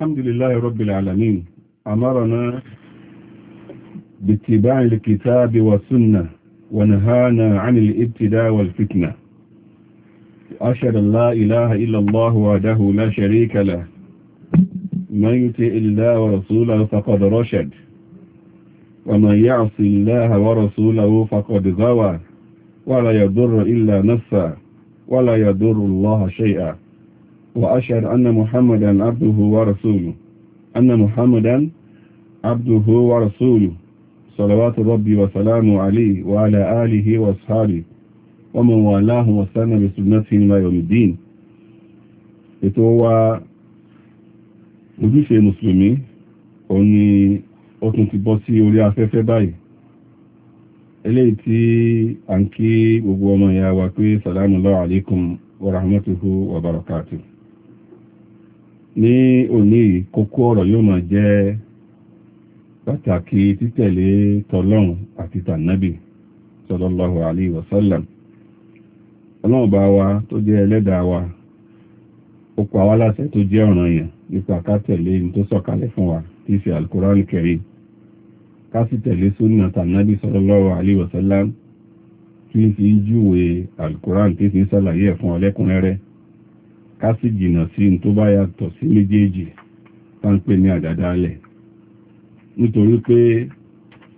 الحمد لله رب العالمين أمرنا باتباع الكتاب والسنة ونهانا عن الابتداء والفتنة أشهد أن لا إله إلا الله وحده لا شريك له من يطع الله ورسوله فقد رشد ومن يعص الله ورسوله فقد غوى ولا يضر إلا نفسه ولا يضر الله شيئا وأشهد أن محمدا عبده ورسوله أن محمدا عبده ورسوله صلوات ربي وسلامه عليه وعلى آله وأصحابه ومن والاه وسلم بسنته ما يوم الدين ètò wa ojúṣe mùsùlùmí òun ni ó tún ti bọ́ sí orí afẹ́fẹ́ báyìí eléyìí tí a ń kí gbogbo ọmọ ìyá wa pé salamu alaykum wa rahmatuhu wa barakatuh ní òní kókó ọ̀rọ̀ yóò máa jẹ́ pàtàkì títẹ̀lé tọlọ́run àti tànábì sallallahu alaihi wasallam ọlọ́run bá wa tó jẹ́ ẹlẹ́dàá wa ó pa wá láṣẹ tó jẹ́ ọ̀ranyàn nípa ká tẹ̀lé ní tó sọ̀kalẹ̀ fún wa tí í ṣe alukóránì kẹrin ká sì tẹ̀lé súnà tànábì sallallahu alaihi wasallam tí ń fi júwe alukóránì tí ń fi sàlàyé ẹ̀ fún ọlẹ́kùnrẹ́rẹ́ ká sì jìnà sí n tó bá yàtọ̀ sí méjèèjì tá ń pè ní àdádálẹ̀ nítorí pé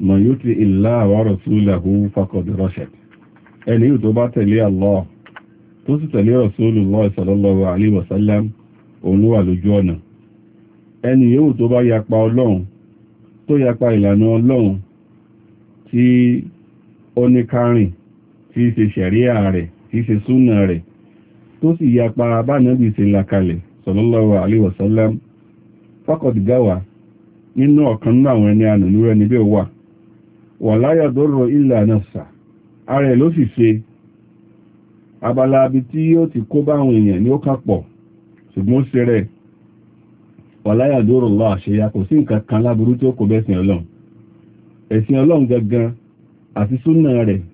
mọ̀yútì ìlà wa rasulahu faqad rashad ẹni tó bá tẹ̀lé Allah tó sì tẹ̀lé Rasulullah sallallahu alaihi wasallam òun ẹni yóò tó bá yapa ọlọ́run tó yapa ìlànà ọlọ́run tí rẹ̀ tó sì yapa bánàbì sí lakalẹ̀ sallallahu alaihi wasallam faqad gawa nínú ọ̀kan náà àwọn ẹni ànà lúrẹ́ níbẹ̀ wà wà láyà dọ́rọ̀ illa nafsa ara ẹ̀ ló sì ṣe abala abi tí ó ti kó bá àwọn èèyàn ní ó kápọ̀ ṣùgbọ́n ó ṣe wà láyà lọ àṣeyà kò sí nǹkan kan láburú tí ó kò bẹ́sìn ọlọ́run ẹ̀sìn ọlọ́run gangan àti súnà rẹ̀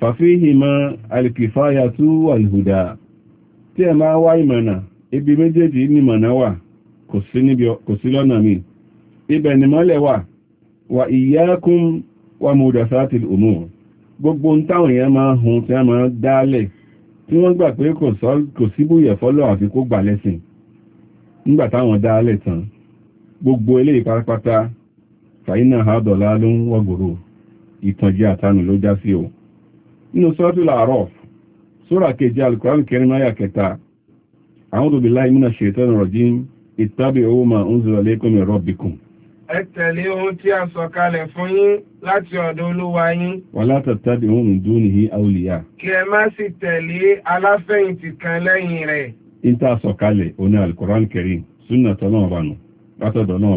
fàfíhìmá alìkìfáyà tú wàlìhùdà tí ẹ máa wá ìmọ̀nà ibi méjèèjì ní mọ̀nà wà kò sí lọ́nà mi ibẹ̀ ni mọ́lẹ̀ wà wà ìyákún wà mọ̀dàsátì òmù gbogbo ń táwọn èèyàn máa hun tí a máa dálẹ̀ tí wọ́n gbà pé kò síbúyẹ̀ fọ́lọ́ àfi kó gbà lẹ́sìn nígbà táwọn dálẹ̀ tán gbogbo ń wọ́gbòrò ìtànjẹ àtànù ló já sí o nínú suratul A'raf sura keje alukùránì kẹrin náà kẹta a'udhu billahi minash shaitani rajim ittabi'u ma unzila ilaykum min rabbikum ẹ tẹ̀lé ohun tí a sọ kalẹ̀ fún yín láti ọ̀dọ̀ olúwa yín. wala tattabi'u min dunihi awliya. kí ẹ má sì tẹ̀lé aláfẹ̀yìntì kan lẹ́yìn rẹ̀. ìta sọ kalẹ̀ oní alukoran karim súnà tọ́lọ́ọ̀bà nù látọ̀dọ̀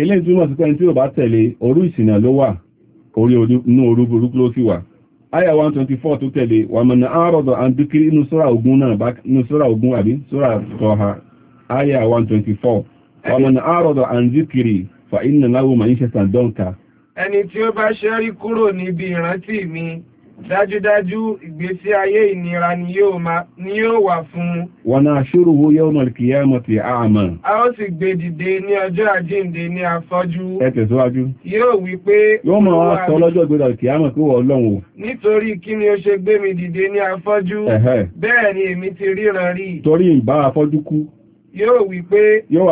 eléyìí túmọ̀ sí pé ẹni tí ò bá tẹ̀lé orú ìsìnà ló wà orí inú orú burúkú ló sì wà aya 124 tó tẹ̀lé wà mọ̀nà àárọ̀dọ̀ àndíkiri inú sọ́rà ogun náà bá inú sọ́rà ogun àbí sọ́rà aya 124 wà mọ̀nà àárọ̀dọ̀ àndíkiri fa iná láwọ́ ṣe sàdọ́ǹkà ẹni tí ó ìrántí mi dájúdájú ìgbésí ayé ìnira ni yóò wà fún un. wa nahshuruhu yawmal qiyamati a'ma. a ó sì gbé dìde ní ọjọ́ àjíǹde ní afọ́jú. ẹ tẹ̀síwájú. yóò wí pé. yóò máa wá sọ lọ́jọ́ ìgbéra kìyàmọ̀ pé wọ́n lọ́hùn. nítorí kí ni ó ṣe gbé mi dìde ní afọ́jú. bẹ́ẹ̀ ni èmi ti ríran rí. torí ìbá afọ́jú kú. yóò wí pé. yóò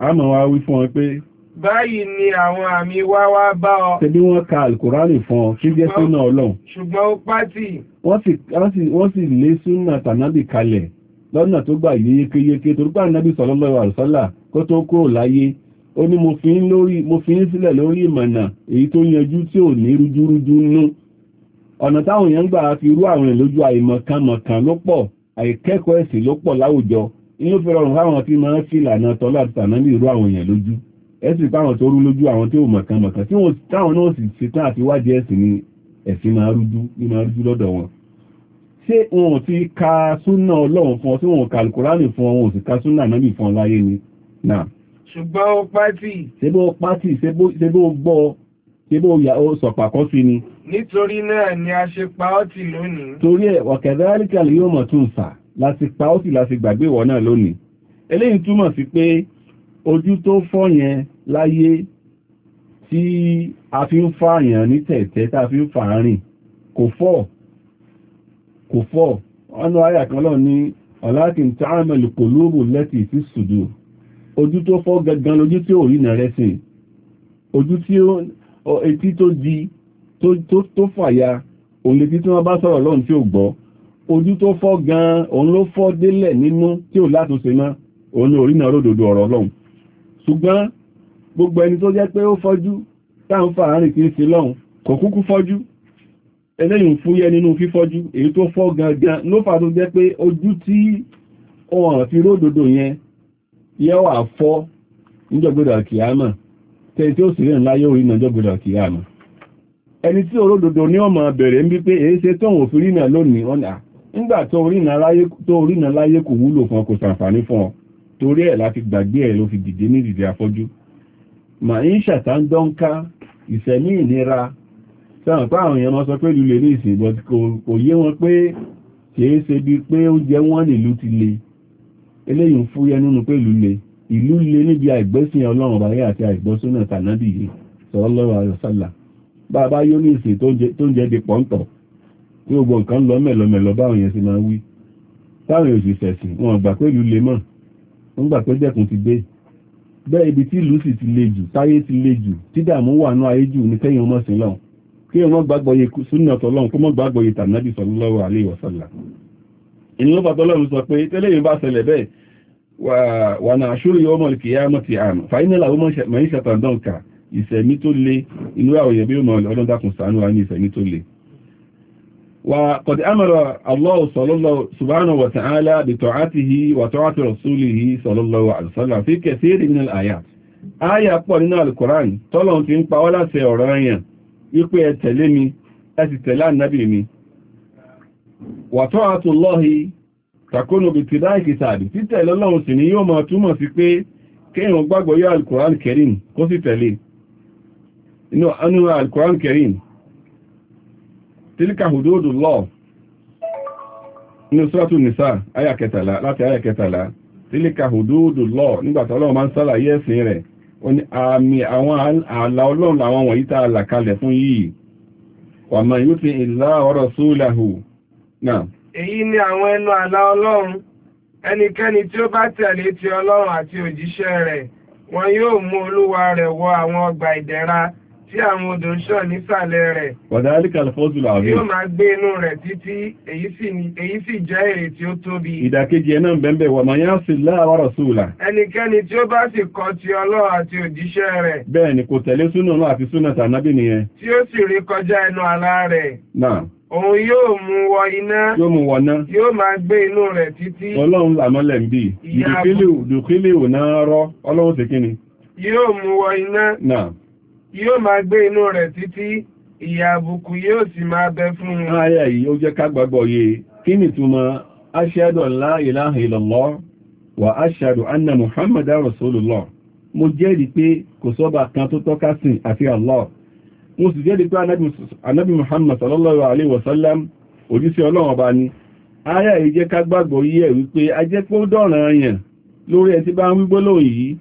àmọ̀ wá wí fún ọ pé báyìí ni àwọn àmì wá wá bá ọ ṣe bí wọ́n ka alkùránì fún ọ kí jẹ́ súnà ọlọ́run ṣùgbọ́n ó pàtì wọ́n sì lé súnà tànábì kalẹ̀ lọ́nà tó gbà yékéyéké torípà nábì sallallahu alaihi wasallam kó tó kúrò láyé ó ní mo fi ń sílẹ̀ lórí ìmọ̀nà èyí tó yanjú tí ò ní rújúrújú nú ọ̀nà táwọn èèyàn gbà fi rú àwọn ìlójú àìmọ̀kànmọ̀kàn ló pọ̀ àìkẹ́kọ̀ọ́ ẹ̀sìn ló pọ̀ láwùjọ inú fi rọrùn fáwọn tí máa ń fi ìlànà tọ́lá àti tànábì rú àwọn èèyàn lójú ẹ̀sìn táwọn tó rú lójú àwọn tí ó mọ̀kan mọ̀kan tí wọ́n táwọn náà sì ṣe tán àti wádìí ẹ̀sìn ni ẹ̀sìn máa rújú ní máa rújú lọ́dọ̀ wọn ṣé wọn ò ti ka súnà ọlọ́run fún ọ tí wọn ò ka alukurani fún ọ wọn ò sì ka súnà nábì fún ọ ni náà. ṣùgbọ́n ó pátì. ṣé bó pátì ṣé bó gbọ́ ṣé ó sọ̀pàkọ́ sí ni. nítorí náà ni a ṣe pa ọ́ tì lónìí. torí ẹ̀ ọ̀kẹ́dẹ́ áríkàlì yóò mọ̀ tún sà láti pa ọ́ tì láti gbàgbé ìwọ náà lónìí eléyìí túmọ̀ sí pé ojú tó fọ́ yẹn láyé tí a fi ń fààyàn ní tẹ̀tẹ́ tá a fi ń fàárìn kò fọ́ kò fọ́ ọ̀nà ayà kan lọ ní ọ̀láàkín tààmẹ̀lù kò lóòrò lẹ́tì sí sùdù ojú tó fọ́ gangan lójú tí ò nà rẹ̀ sìn ojú tí ó etí tó di tó fàya òun lè tí tí wọ́n bá sọ̀rọ̀ lọ́run tí ò gbọ́ ojú tó fọ́ gan òun ló fọ́ délẹ̀ nínú tí ò látúnṣe mọ́ òun ló rí nà ródòdó ọ̀rọ̀ ọlọ́run ṣùgbọ́n gbogbo ẹni tó jẹ́ pé ó fọ́jú táǹfà àárín kìí sí lọ́hun kò kúkú fọ́jú eléyìn fúyẹ́ nínú fífọ́jú èyí tó fọ́ gangan ló fà tó jẹ́ pé ojú tí wọ́n fi ródòdó yẹn yẹ́ wà fọ́ níjọ́gbọ́dọ̀ kìíyàmà tẹ́ tí ó sì rìn láyé orí níjọ́gbọ́dọ̀ kìíyàmà ẹni tí oródòdó ní ọmọ bẹ̀rẹ̀ ń bí pé torí ẹ̀ láti gbàgbé ẹ̀ ló fi dìde ní dìde afọ́jú ma ń ṣàtàndọ́nká ìṣẹ̀mí ìnira sẹ́wọ̀n pé àwọn èèyàn máa sọ pé ìlú lè ní ìsìn but kò yé wọn pé kìí ṣe bí pé oúnjẹ wọn nílùú ti le eléyìí ń fúyẹ́ nínú pé ìlú le ìlú le níbi àìgbẹ́sìn ọlọ́run bàyẹ́ àti àìgbọ́sọ́nà tànábì yìí sallallahu alaihi wasallam bàbá yóò ní ìsìn tó ń jẹ́ di pọ́ńtọ̀ tí gbogbo nǹkan lọ mẹ́lọmẹ́lọ báwọn yẹn sì máa wí táwọn èèyàn sì ṣẹ̀sìn wọn gbà pé ìlú le mọ́ nígbà tó dẹ̀kùn ti dé bẹ́ẹ̀ ibi tí ìlú sì ti le táyé ti le jù tí dààmú wà ní ayé jù ní kẹ́yìn ọmọ sí lọ́hùn kí ọmọ gbàgbọ́ yẹ súnà tọ́lọ́hùn kó mọ́ gbàgbọ́ yẹ tànàbì sallallahu alaihi wasallam ìní ló bàtọ́ lọ́run sọ pé tẹ́lẹ̀ yìí ti àmì fàínàlà ọmọ mẹ́yìn ṣàtàndọ́ǹkà ìṣẹ̀mí tó le inú àwọn èèyàn bí ọmọ ọlọ́dún dákùn ṣàánú wa ní وقد أمر الله صلى الله سبحانه وتعالى بطاعته وطاعة رسوله صلى الله عليه وسلم في كثير من الآيات آية قولنا القرآن طلعن في انقوالة سيورانيا يقوي التلمي أستلان النبي مي وطاعة الله تكون باتباع كتابه تتلى الله سني يوم أتوما في كي كي نقبق ويا القرآن الكريم كو تتلي إنه أنه القرآن الكريم tilka hududullah ní sọ́tún nìsá ayàkẹtàlá láti ayàkẹtàlá tilka hududullah nígbàtí ọlọ́run máa ń sálàyé ẹ̀sìn rẹ̀ àmì àwọn ààlà ọlọ́run làwọn wọ̀nyí a fún yìí wa man ti ìlà yóò mú olúwa rẹ̀ wọ àwọn ọgbà tí àwọn odò ń ṣàn nísàlẹ̀ rẹ̀. Wàdálíkà alfọ́sùlù àwẹ̀. Yóò máa gbé inú rẹ̀ títí èyí sì jẹ́ èrè tí ó tóbi. Ìdàkejì ẹ̀ náà bẹ́ẹ̀ wà máa yá sí láàárọ̀ sùúlà. Ẹnikẹ́ni tí ó bá sì kọ̀ ti Ọlọ́run àti òjíṣẹ́ rẹ̀. Bẹ́ẹ̀ ni kò tẹ̀lé súnà náà àti súnà tànábì nìyẹn. Tí ó sì rí kọjá ẹnu àlá rẹ̀. Náà. Òun yóò mú wọ iná. Yóò mú wọ náà. Yóò máa gbé inú rẹ̀ títí. Ọlọ́run làmọ́lẹ̀ ń bì. Ìyá àbú. Dùkílì ò náà rọ́. Ọlọ́run sì kí Yóò mú wọ iná. Náà. yóò máa gbé inú rẹ̀ títí ìyà àbùkù yóò sì máa bẹ fún un. Àyà yìí ó jẹ́ ká gbàgbọ́ yé kí ni túnmọ̀, aṣhadu an la ilaha illallah wa anna Rasulullah. Mo jẹ́rìí pé kò kan tó tọ́ka sìn àfi Allah. Mo sì jẹ́rìí pé Muhammad sallallahu alaihi Ọlọ́run ni. yìí jẹ́ ká gbàgbọ́ wípé ó dọ̀ràn lórí bá ń yìí.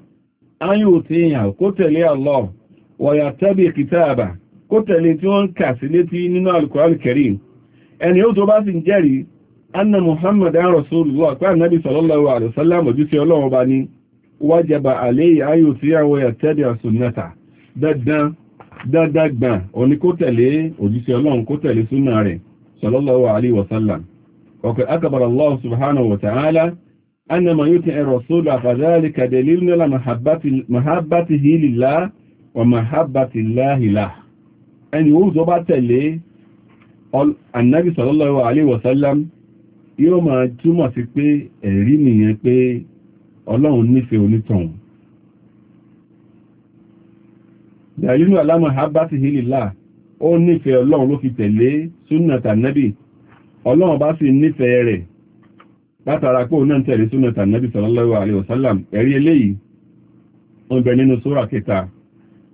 yàn tẹ̀lé Allah wọ̀yà tẹ́bí kìtàbà kó tẹ̀lé tí wọ́n kà sí létí nínú alukọ̀ọ́lù kẹrì ẹni ó tó bá sì ń jẹ́rìí anna muhammad an rasulullah pé annabi sallallahu alaihi wasallam ojúṣe ọlọ́run bá ní wájaba àléyìí ayò tí àwọn ẹ̀yà tẹ́bí àsùnnata dandan dandan gbọ̀n òní kó tẹ̀lé ojúṣe ọlọ́run kó tẹ̀lé súnà rẹ̀ sallallahu alaihi wasallam ọkọ̀ akabara allah subhanahu wa ta'ala anna man yuti ar rasul fa dhalika dalilun ala mahabbatihi lillah wa mahabbati llahi lahu ẹni ó tó bá tẹ̀lé annabi sallallahu alaihi wasallam yóò máa túmọ̀ sí pé ẹ̀rí nìyẹn pé ọlọ́run nífẹ̀ẹ́ onítọ̀hún dalilu ala mahabbatihi lillah ó nífẹ̀ẹ́ ọlọ́run ló fi tẹ̀lé súnàtà nẹ́bì ọlọ́run bá sì nífẹ̀ẹ́ rẹ̀ látara pé òun náà tẹ̀lé súnàtà nẹ́bì sallallahu alaihi wasallam ẹ̀rí eléyìí ó bẹ nínú sóra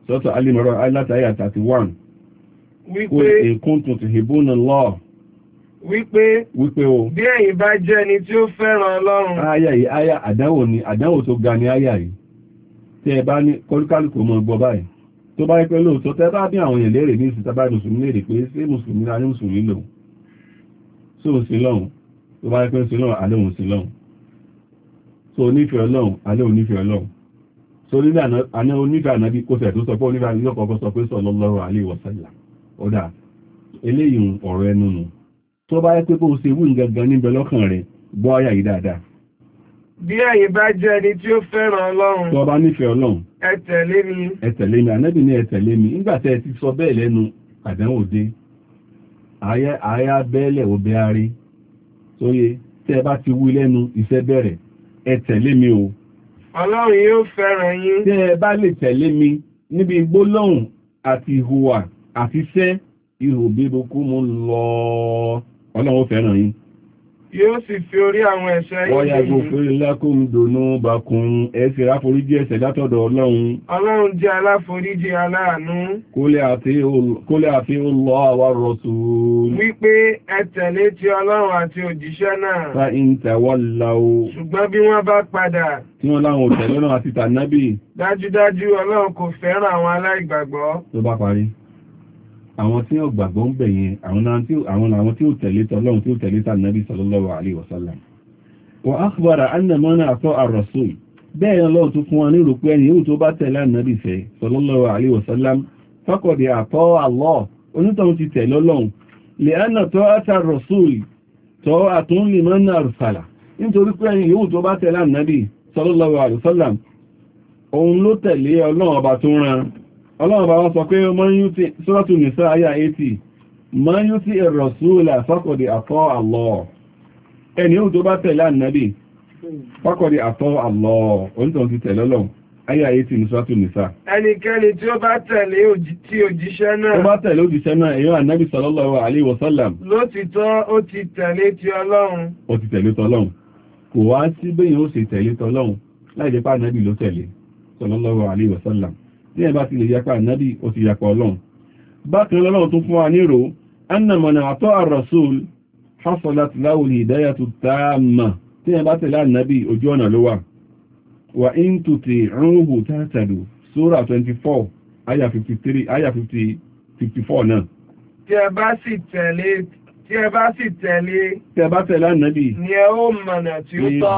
sọ́tọ̀ alìmọ̀rọ̀ alátayà 31 wípé èkún tuntun ìbúnà lọ wípé wípé o bí ẹ̀yin bá jẹ́ ẹni tí ó fẹ́ràn ọlọ́run ayà yìí ayà àdánwò ni àdánwò tó ga ni ayà yìí tí ẹ bá ní kọlùkálùkù mọ́ gbọ́ báyìí tó bá pẹ́ lóòótọ́ tẹ́ bá bí àwọn èèyàn lérè ní ìsìn tábà mùsùlùmí lérè pé ṣé mùsùlùmí láyé mùsùlùmí lò sí òsì lọ́hùn tó bá pẹ́ sí lọ́hùn alẹ́ òun sí lọ́hùn tó onífẹ̀ẹ́ lọ́hùn alẹ́ òun nífẹ̀ẹ́ lọ́hùn torí àná onígbà náà bí kó sẹ̀ tó sọ pé onígbà ní ọkọ̀ sọ pé sallallahu alaihi wasallam ọ̀dà eléyìí ọ̀rọ̀ ẹnu nù tó bá yẹ pé bó ṣe wù gangan níbẹ̀ lọ́kàn rẹ̀ gbọ́ àyà yìí dáadáa. bí àyè bá jẹ́ ẹni tí ó fẹ́ràn ọlọ́run. tó bá nífẹ̀ẹ́ ọlọ́run. ẹ mi. ẹ tẹ̀lé mi ànábì ní ẹ tẹ̀lé mi nígbà tẹ́ ẹ ti sọ bẹ́ẹ̀ lẹ́nu àdánwò dé àyà bẹ́ẹ̀lẹ̀ ò bẹ́ arí sóye o. Ọlọ́run yóò fẹ́ràn yín. Tẹ́ ẹ bá lè tẹ̀lé mi níbi gbólóhùn àti ìhùwà àti iṣẹ́ ihò bíbokú mú lọ. Ọlọ́run fẹ́ràn yín yóò sì fi orí àwọn ẹ̀ṣẹ̀ yìí. wọ́n yàgò fèrè lákòm dònú bakùn ẹ̀ṣẹ̀ aláforíjì ẹ̀ṣẹ̀ látọ̀dọ̀ ọlọ́run. ọlọ́run jẹ́ aláforíjì aláàánú. kólé àti olọ́ àwa rọ̀tù. wípé ẹ tẹ̀lé ti ọlọ́run àti òjíṣẹ́ náà. Ta ìǹtà wọ́n la o. ṣùgbọ́n bí wọ́n bá padà. tí wọ́n láwọn òtẹ̀lẹ́ náà àti tànábì. dájúdájú ọlọ́run kò fẹ́ràn àwọn aláìgbàgbọ́. tó bá parí àwọn tí ó gbàgbọ́ ń bẹ̀ yẹn àwọn àwọn tí ó tẹ̀lé tọ́lọ́run tí ó tẹ̀lé tànàbí sallallahu alaihi wasallam wa akhbara anna man ata'a ar-rasul bẹ́ẹ̀ lọ́wọ́ tó fún wa ní rò pé ẹni yóò tó bá tẹ̀lé ànàbì fẹ́ sallallahu alaihi wasallam faqad ata'a Allah onítọ̀hún ti tẹ̀lé Ọlọ́run li anna ta'ata ọlọ́run bá wọ́n sọ pé sọ́rọ̀tù nìsá ayá 80 ma yíó tí ìrọ̀súlà fákọ̀dì àtọ́ Allah ẹni ó tó bá tẹ̀lé ànábì fákọ̀dì àtọ́ Allah onítọ̀ ti tẹ̀lé Ọlọ́run ayá 80 ní sọ́rọ̀tù nìsá ẹnikẹ́ni tí ó bá tẹ̀lé òjíṣẹ́ náà ó bá tẹ̀lé òjíṣẹ́ náà èyàn ànábì sallallahu alaihi wasallam lótìtọ́ ó ti tẹ̀lé ti Ọlọ́run ó ti tẹ̀lé tọlọ́run kò wá láìjẹ́pá ànábì ló tẹ̀lé sallallahu alaihi wasallam tí ẹ bá ti lè yapa ànábì ó ti yapa ọlọ́run bákan lọ́lọ́run tún fún wa nírò annamọ̀nà àtọ́ àrọ̀sùl hasolat láwùlì ìdáyà tó tààmà tí ẹ bá tẹ̀lé ojú ọ̀nà ló wà wà ń tùtì rúhù tààtàdù sóra 24 aya 53 aya 54 náà tí ẹ bá sì tẹ̀lé tí ẹ bá sì tẹ̀lé tí ẹ bá tẹ̀lé ànábì ni ẹ ó mọ̀nà tí ó tọ́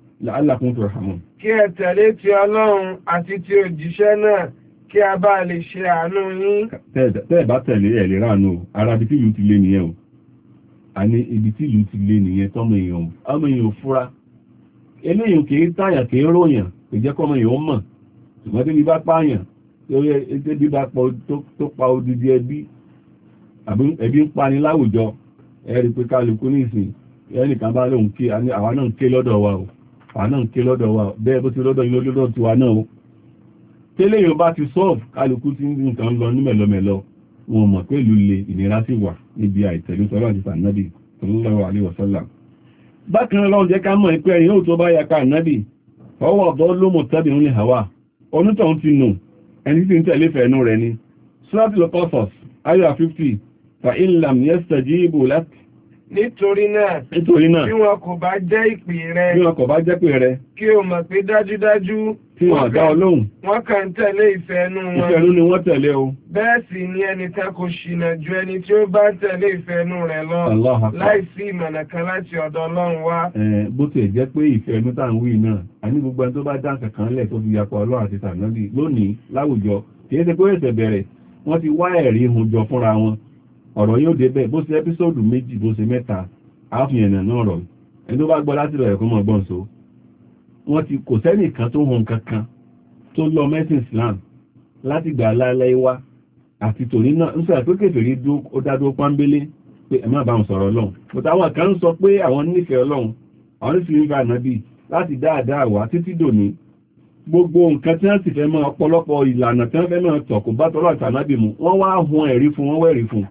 la'allakum turhamun. kí ẹ tẹ̀lé ti ọlọ́run àti ti òjíṣẹ́ náà kí a bá lè ṣe àánú yín. tẹ́ẹ̀ bá tẹ̀lé ẹ̀ lè ráàánú ara ibi tí ìlú ti lé nìyẹn o a ní ibi tí ìlú ti lé nìyẹn tọ́mọ èèyàn ọmọ èèyàn fúra eléyìn kìí táyà kìí ròyàn kò kọ́mọ èèyàn mọ̀ ṣùgbọ́n tí ní bá pààyàn tí bí bá tó pa odidi ẹbí ẹbí ń pani láwùjọ ẹ̀rí pé kálukú ní ìsìn ẹnìkan bá lóun ké àwa náà ń ké lọ́dọ̀ wa o àwọn náà ké lọ́dọ̀ wa bẹ́ẹ̀ bó ti lọ́dọ̀ yín lọ́dọ̀ tiwa náà tẹ́lẹ̀ yóò bá ti solve kálukú tí nǹkan lọ ní mẹ̀lọmẹ̀lọ wọn mọ̀ pé ìlú le ìnira sì wà níbi àìtẹ̀lú sọ́rọ̀ àti sànàbì sallallahu alaihi wasallam bákan lọ́n jẹ́ ká mọ̀ ìpẹ́ yóò tó bá yapa ànábì ọwọ́ ọ̀bọ́ ló mọ̀ tẹ́bì ń lè hàwà onítọ̀hún ti nù ẹni tí ń tẹ̀lé fẹ̀ẹ́nú rẹ̀ ni suratul Qasas ayah 50 fa in lam yastajibu lak nítorí náà nítorí náà bí wọn kò bá jẹ́ ìpè rẹ bí wọn kò bá jẹ́ pè rẹ kí o mọ̀ pé dájúdájú tí wọn dá ọlọ́hun wọn kàn tẹ̀lé ìfẹ́ ẹnu wọn ìfẹ́ ẹnu ni wọ́n tẹ̀lé o bẹ́ẹ̀ sì ni ẹnìkan kò ṣìnà ju ẹni tí ó bá tẹ̀lé ìfẹ́ ẹnu rẹ lọ láìsí ìmọ̀nà kan láti ọ̀dọ̀ ọlọ́run wá. bó tiẹ̀ jẹ́ pé ìfẹ́ ẹnu tá à ń wí náà àní gbogbo ẹni tó bá dá kan lẹ̀ tó fi yapa ọlọ́run àti tànálì lónìí láwùjọ kì í ṣe pé ẹ̀sẹ̀ bẹ̀rẹ̀ wọ́n ti wá ẹ̀rí hun jọ fúnra wọn ọ̀rọ̀ yóò dé bẹ́ẹ̀ bó ṣe ẹ́písọ́ọ̀dù méjì bó ṣe mẹ́ta àfihàn náà rọ̀ ẹni tó bá gbọ́ láti rẹ̀ kó mọ̀ gbọ́n so wọ́n ti kò sẹ́nìkan tó hun kankan tó lọ mẹ́sìn Islam láti gbà láláì wá àti tòní náà ń sọ̀rọ̀ pé kèfèrí ó dádó pámbélé pé ẹ má bá wọn sọ̀rọ̀ ọlọ́run but àwọn kan ń sọ pé àwọn nífẹ̀ẹ́ ọlọ́run àwọn nífẹ̀ẹ́ nífẹ̀ẹ́ ànábì láti dáadáa wá títí dòní gbogbo nǹkan tí wọ́n sì fẹ́ mọ́ ọ̀pọ̀lọpọ̀ ìlànà tí wọ́n fẹ́ mọ́ tọ̀ kò bá tọ́lọ́ àtànábì mu wọ́n wá hun ẹ̀rí fún wọ́n wẹ̀rí fún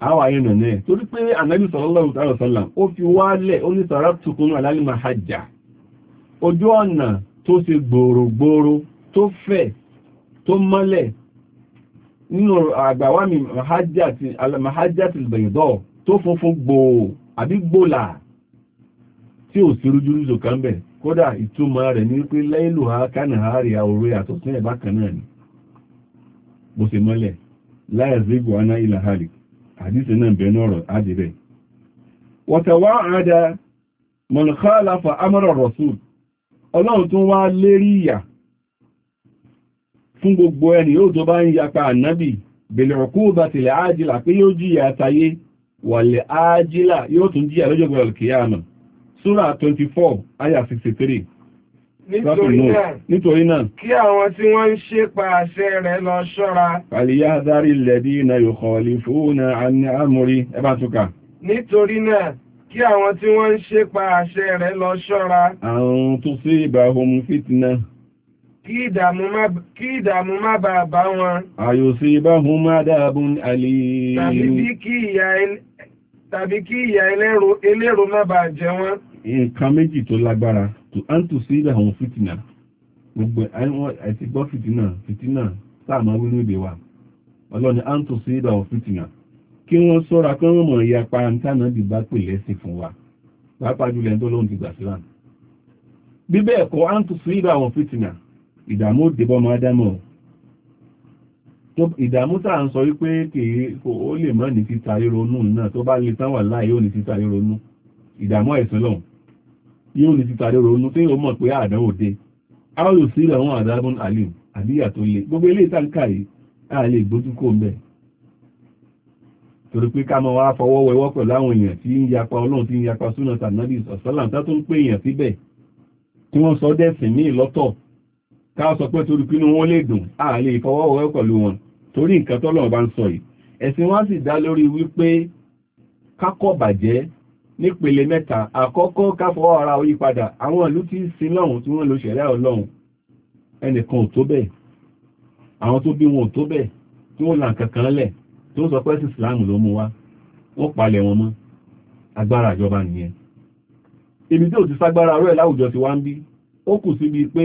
àwà ìrìnà náà torí pé ànábì sallallahu ta'ala sallam ó fi wálẹ̀ ó ní sọ̀rọ̀ tukunu alálìmọ̀ hajjá ojú ọ̀nà tó ṣe gbòrògbòrò tó fẹ̀ tó mọ́lẹ̀ nínú àgbàwà mi mahajjatil baydọ̀ tó funfun gbòò àbí gbòlà tí ò sí rújúrújò kan bẹ̀ kódà ìtumọ̀ rẹ̀ ní pé lẹ́ìlú ha kánàárì àwòrò yàtọ̀ sí ẹ̀bá kan náà ni bó ṣe mọ́lẹ̀ láyẹ̀ zígbò aná ìlà àdísì náà bẹ̀ẹ́nú ọ̀rọ̀ ádìbẹ̀ wọ̀tẹ̀wà àádá mọ̀lùkálàfà amọ́rọ̀ rọ̀sùn ọlọ́run tún wá lérí ìyà fún gbogbo ẹni yóò tó bá ń yapa ànábì bèlẹ̀ ọ̀kú bá tilẹ̀ 24 ayà 63 nítorí náà kí àwọn tí wọ́n ń ṣe pa àṣẹ rẹ̀ lọ ṣọ́ra kàlíyà dárí lẹ̀dí na yòkọ̀ọ̀lì fóònà àmúrí ẹbá túnkà nítorí náà kí àwọn tí wọ́n ń ṣe pa àṣẹ rẹ̀ lọ ṣọ́ra àrùn tó sí ìbáhùn fìtínà kí ìdààmú má bàa bá wọn àyò sí ìbáhùn má dáàbùn àlè tàbí kí ìyà ẹlẹ́rù má bàa jẹ wọ́n nǹkan méjì tó lágbára tó áńtò sí ilẹ̀ àwọn fìtìnà gbogbo àti gbọ́ fìtìnà fìtìnà sáàmà wínú èdè wa ọlọ́ni áńtò sí ilẹ̀ àwọn fìtìnà kí wọ́n sọ́ra kí wọ́n mọ̀ ìyá parantana di bá pè lẹ́sìn fún wa pàápàá jùlọ ẹni tó lóhun ti gbà sí lánàá bí bẹ́ẹ̀ kọ́ áńtò sí ilẹ̀ àwọn fìtìnà ìdààmú òdìbọ́ máa dámọ̀ ìdààmú tàà ń sọ wípé kìí ó lè mọ́ ní títa ríronú náà tó bá lè tán wà láàyè ó ní títa ríronú ìdààmú ẹ̀sìn lọ́hùn yóò ní títà rẹ̀ ronú tí ó mọ̀ pé àdánwò dé áwòlù sí àwọn àdábọ́n alim àbíyà tó le gbogbo ilé ìtànkà yìí a lè gbójú kò mẹ́ torí pé ká mọ́ wá fọwọ́ wẹwọ́ pẹ̀lú àwọn èèyàn tí ń yapa ọlọ́run tí ń yapa súnà tànàbí ọ̀sọ́làm tó ń pè èèyàn síbẹ̀ tí wọ́n sọ dẹ̀sìn ní ìlọ́tọ̀ ká sọ pé torí pé inú lè dùn a lè fọwọ́ wẹwọ́ pẹ̀lú wọn torí nǹkan tọ́lọ́run bá ń sọ yìí ẹ̀sìn wa sì dá lórí wípé kákọ̀ nípele mẹ́ta àkọ́kọ́ káfọwọ́ ara oyí padà àwọn ìlú tí sin lọ́hun tí wọ́n lo ṣẹ̀rẹ́ ọlọ́hun ẹnìkan ò tó bẹ́ẹ̀ àwọn tó bí wọn ò tó bẹ́ẹ̀ tí wọ́n là kankan lẹ̀ tó sọ pé Islam ló mú wá wọ́n palẹ̀ wọn mọ́ agbára ìjọba nìyẹn èmi tí ò ti ságbára rẹ̀ láwùjọ ti wá ń bí ó kù síbi pé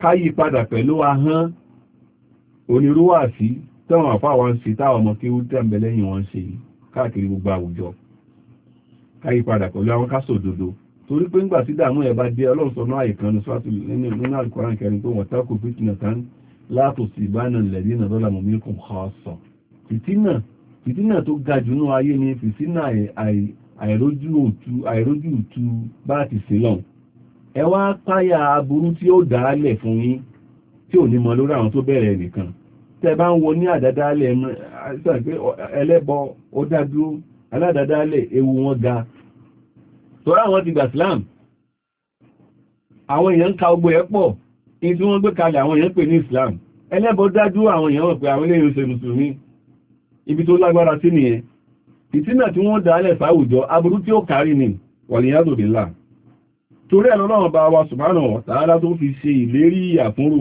ká yí padà pẹ̀lú ahọ́n onírúwàsí táwọn àfáà wa ń ṣe táwọn ọmọ kí tẹ̀m̀bẹ̀lẹ́yìn wọn ṣe káàkiri gbogbo àwùjọ káyí padà pẹ̀lú àwọn kásò òdodo torí pé ńgbà tí dààmú ẹ̀ bá dé ọlọ́run sọ náà ìkànnì sọ́tù nínú àlùkọ́rán kẹrin pé wọ́n tákù fìtínà tán látò sí ìbánà lẹ̀dí náà lọ́la mọ̀ mílíkùn kọ́ọ̀sọ̀ fìtínà fìtínà tó ga jù nú ayé ni fìtínà àìrójú òtú bá ti sí lọ ẹ wá páyà aburú tí ó dàálẹ̀ fún aládàdálẹ̀ ewu wọn ga tọ́rọ àwọn ti gbà Islam àwọn èèyàn ń ka ogbó ẹ̀ pọ̀ in tí wọ́n gbé kalẹ̀ àwọn èèyàn pè ní Islam ẹlẹ́bọ̀ dájú àwọn èèyàn wọ̀n pé àwọn ilé ìrìnṣẹ́ mùsùlùmí ibi tó lágbára sí nìyẹn ìtínà tí wọ́n dálẹ̀ fáwùjọ aburú tí ó kárí ni wàlìyàdòdìlà torí wa subhanahu wa ta'ala tó fi ṣe ìlérí ìyà fúnrú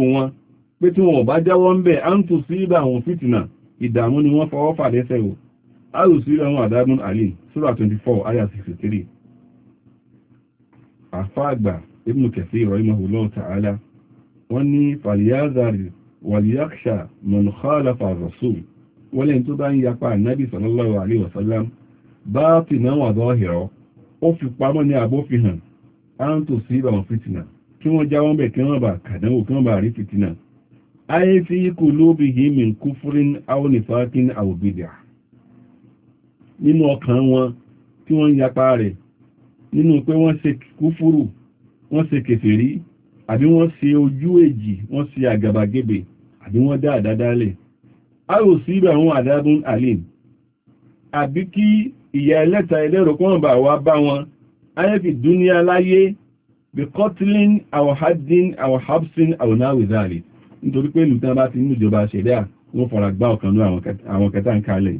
wọn pé àrò sí àwọn àdágún alim sura 24 aya 63 àfá àgbà ibn Kathir rahimahullahu ta'ala wọ́n ní fàlìyázàrì wàlìyàkṣà mọ̀nàkálàfà rasul wọ́n lẹ́yìn tó bá ń yapa ànábì sallallahu alaihi wasallam bá ti náà wà zọ́hìrọ́ ó fi pamọ́ ní abófihàn áńtò sí ìbàwọn fìtìnà kí wọ́n jáwọ́ bẹ̀ kí wọ́n bá kàdánwò kí wọ́n bá rí fìtìnà ayé fi kò lóbi yìí min kúfúrín áwọn nìfàákín àwòbìdìá nínú ọkàn wọn tí wọ́n ń yapa rẹ̀ nínú pé wọ́n ṣe kúfúrù wọ́n ṣe kèfèrí àbí wọ́n ṣe ojú èjì wọ́n ṣe àgàbàgebè àbí wọ́n dá àdádálẹ̀ a sí ibẹ̀ àwọn àdábùn alim àbí kí ìyà ẹlẹ́ta ẹlẹ́rọ kọ́n bá wá bá wọn ayẹ́fì dúníà láyé bí kọtílín àwọ̀hádín àwọ̀hábsín àwọ̀náwìzáàlì nítorí pé lùtán bá ti nínú ìjọba ní àwọn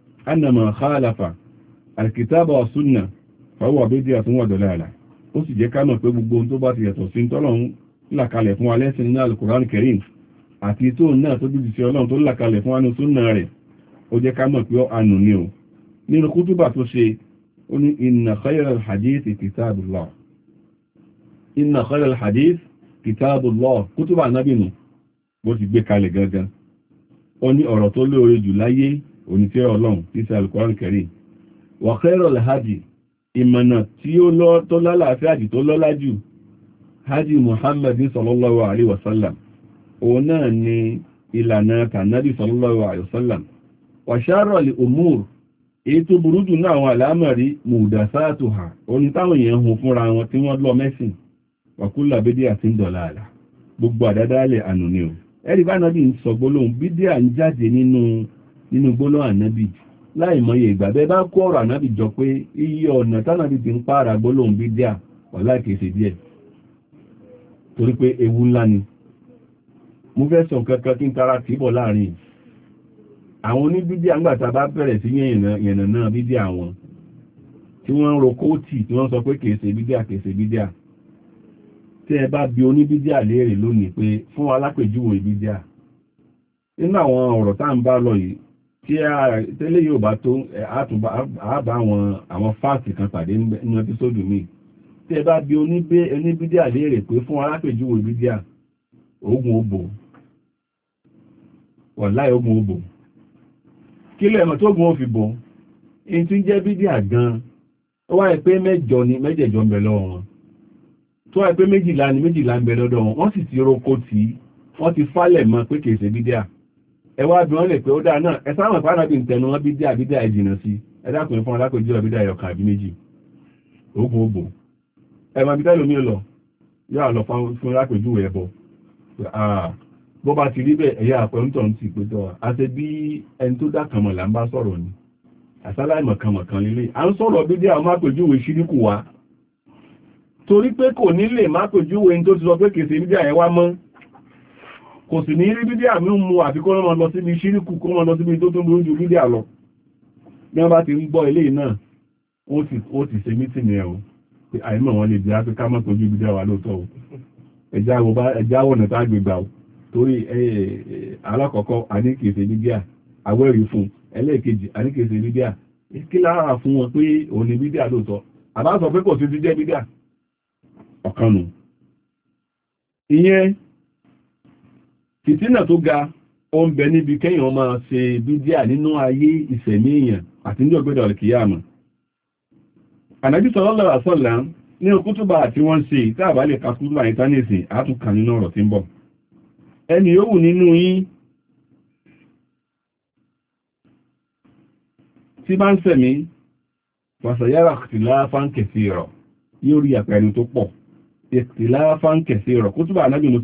أن ما خالف الكتاب والسنة فهو بدعة وضلالة ó sì jẹ́ ká mọ̀ pé gbogbo ohun tó bá ti yàtọ̀ sí tọ́lọ́run làkalẹ̀ fún alẹ́sìn nínú Al-Qur'an Karim àti tó náà tó jùlọ sí Ọlọ́run tó làkalẹ̀ fún anú súnà rẹ̀ ó jẹ́ ká mọ̀ pé ó anù ní o nínú kútúbà tó ṣe ó ní inna khayral hadith kitabullah inna khayral hadith kitabullah kútúbà nábìnú bó ti gbé kalẹ̀ gangan ó ní ọ̀rọ̀ tó lóore jù láyé onítírà ọlọ́run títí alukọ́rán kẹrin wa khairul hadi ìmọ̀nà tí ó lọ tó lálàáfíà jù tó lọ́lá jù hadi muhammad sallallahu alaihi wasallam òun náà ni ìlànà kànáàbì sallallahu alaihi wasallam wa sharrul umur èyí tó burú jù náà àwọn àlámọ̀rí mùdàsáàtùhà oní táwọn èèyàn hun fúnra wọn tí wọ́n lọ mẹ́sìn wàkúlà nínú gbóná ànábì láìmọye ìgbà bẹ́ẹ̀ bá kó ọ̀rọ̀ ànábì jọ pé iye ọ̀nà tánàbì ti ń pààrà gbólóhùn bí díà wà láìkèsè díẹ̀ torí pé ewu ńlá ni mo fẹ́ sọ kankan kí n tara tìbọ̀ láàrin àwọn oníbídí àgbàta bá bẹ̀rẹ̀ sí yẹ̀nà náà bídí wọn. tí wọ́n ń ro kóòtì tí wọ́n sọ pé kèsè bídíà kèsè bídíà tí ẹ bá bi oníbídíà léèrè lónìí pé fún alápèjúwe bídíà nínú àwọn ọ̀rọ̀ tá ń bá lọ yìí tí tẹ́lẹ̀ yóò bá tó àbá àwọn fáàkì kan pàdé nínú ẹpísódù míì tí ẹ bá bí oníbídíà léèrè pé fún alápèjúwò bídíà ogun ogbò wọ̀láì ogun ogbò kí lẹ́mọ̀ tó gun òfin bò in tí ń jẹ́ bídíà gan ó wáyé pé mẹ́jọ ni mẹ́jẹ̀jọ ń bẹ lọ́wọ́ wọn tó wáyé pé méjìlá ni méjìlá ń bẹ lọ́dọ̀ wọn wọ́n sì ti roko tí wọ́n ti fálẹ̀ mọ́ pé kìí ṣe bídíà ẹwà bí wọ́n lè pé ó dáa náà ẹ̀sán àwọn ìpáná bí tẹnu wọn bí dé àbídá ìjìnà sí ẹ̀dàkùnrin fún alákòjú àbídá ẹ̀yọ̀kan àbí méjì ogun ogun ẹ̀mà bí tẹ́lómi lọ yóò lọ fún alákòjú ẹ̀bọ bó bá ti rí bẹ́ẹ̀ ẹ̀yà àpẹ̀rúntọ̀ ti pẹ̀tọ̀ àti bí ẹni tó dá kànmọ̀ là ń bá sọ̀rọ̀ ni àsáláìmọ̀ kànmọ̀ kan lílé à ń sọ̀rọ̀ bí dé àwọn mápèjúwe ṣíríkù wa torí pé kò ní lè mápèjúwe tó ti sọ pé kèsè bí àyẹ̀wá mọ́ kò sì ní rí bídíà mí mú àfi kó mọ́ lọ síbi ṣíríkù kó mọ́ lọ síbi tó tún burú ju bídíà lọ bí wọ́n bá ti ń gbọ́ ilé náà ó ti ṣe mítì ní ẹ̀wọ̀n pé àìmọ̀ wọn lè bí áfíríkà mọ́ tó ju bídíà wà lóòótọ́ o ẹ̀já wọ̀nà tá gbégbà o torí alákọ̀ọ́kọ́ àníkèsè bídíà awẹ́rí fún ẹlẹ́ẹ̀kejì ìyẹn fìtínà tó ga ó ń bẹ níbi kéèyàn máa ṣe bídíà nínú ayé ìsẹ̀mí èèyàn àti ní ọgbẹ́dọ̀ alkiyama ànábì sallallahu alaihi wasallam ní kútùbà tí wọ́n ṣe táàbà lè ka kútùbà ní tánìsì àtúnkà nínú ọ̀rọ̀ tí ń bọ̀ ẹni yòówù nínú yín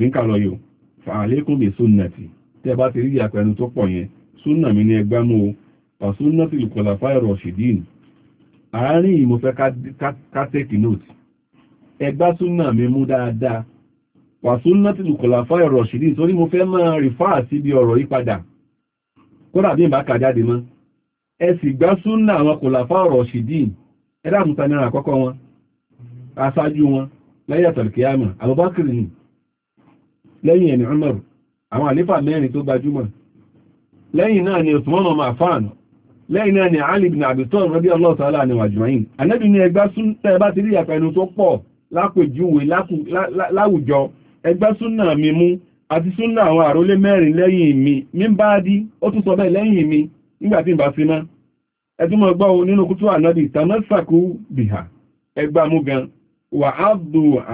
tí kà fàálẹ́kùn bí súnnàtì tẹ́ bá ti rí àpẹẹrẹ tó pọ̀ yẹn súnnà mi ní ẹgbá mú o súnnàtì lùkọ̀lá fáìrọ̀ ṣìdíìn àárín ìmọ̀fẹ́ kátẹ́kì nóòtì ẹgbá súnnà mi mú dáadáa wà súnnàtì lùkọ̀lá fáìrọ̀ ṣìdíìn torí mo fẹ́ máa rí fáà sí bí ọ̀rọ̀ yìí padà kódà bí ìbá kàjáde mọ́ ẹ sì gbá súnnà àwọn kọ̀lá fáìrọ̀ ṣìdíìn ẹ dáàmùta ní àkọ́kọ́ wọn aṣáájú wọn lẹ́yìn àtàlùkíyàmà Abubakar ni lẹ́yìn ẹni Umar àwọn àlífà mẹ́rin tó gbajúmọ̀ lẹ́yìn náà ni Usman ọmọ Affan lẹ́yìn náà ni Ali ibn Abi Talib radiyallahu ta'ala ẹgbá bá pọ̀ lápèjúwe láwùjọ ẹgbá mi àti àwọn àrólé mẹ́rin lẹ́yìn mi ń bá dí ó tún sọ bẹ́ẹ̀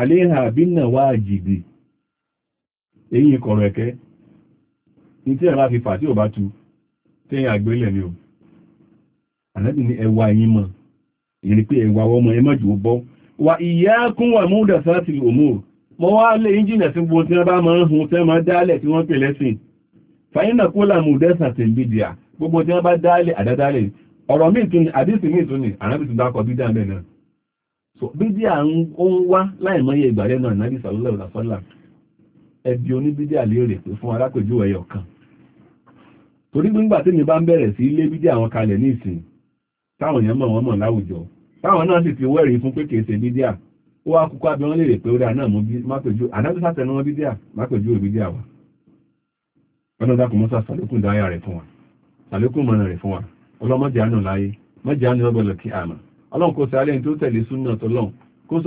lẹ́yìn eyín kọ̀rọ̀ ẹ̀kẹ́ ní tí ẹ̀rá fi fà tí ò bá tu tẹ́yìn àgbélẹ̀ ni o ànábì ní ẹwà eyín mọ̀ ìyẹn ni pé ẹwà ọmọ ẹ mọ̀jù ó bọ́ wà ìyá kún wà mú dà sáà ti òmù mọ́ wá lé ìjìnlẹ̀ sí gbogbo tí wọ́n bá máa ń hun tẹ́ máa dálẹ̀ tí wọ́n pè lẹ́sìn fàyínà kó làmù dẹ́sà ti bìdìà gbogbo tí wọ́n bá dálẹ̀ àdádálẹ̀ ọ̀rọ̀ míì tún ni àdísì míì tún ni ànábì tún dákọ̀ bídà bẹ́ẹ̀ náà so bídìà ń wá láìmọye ìgbàlẹ́ náà ànábì sàlọ́lẹ̀ òlàfọ́là ẹbí oníbídí àlérè pé fún alápèjú ẹyọ kan torí nígbà tí mi bá ń bẹ̀rẹ̀ sí ilé bídí àwọn kalẹ̀ ní ìsìn táwọn èèyàn mọ̀ wọ́n mọ̀ láwùjọ táwọn náà sì ti wẹ́rìí fún pé kèsè bídí à ó wá kúkú abẹ wọn lèrè pé ó dáa náà mú mápèjú àdájọ́ sátẹnu wọn bídí à mápèjú òbídí àwà ọ̀nà dákùn mọ́sá sàlékún dáyà rẹ̀ fún wa sàlékún mọ̀nà rẹ̀ fún wa ọlọ́mọdé àánú láyé mọ́jẹ́ àánú ọgbọ̀lọ̀ kí àmà ọlọ́run kó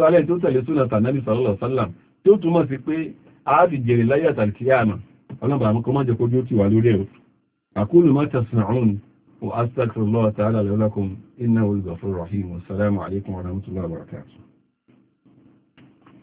sàálẹ̀ tó àádì jèrè láyé àtàlìkíyàmà ọlọ́bàá mú kọmọ́ jẹ́kọ́ bí ó ti wà lórí ẹ̀rọ àkúlù má tasna'un wa astaghfirullah ta'ala lakum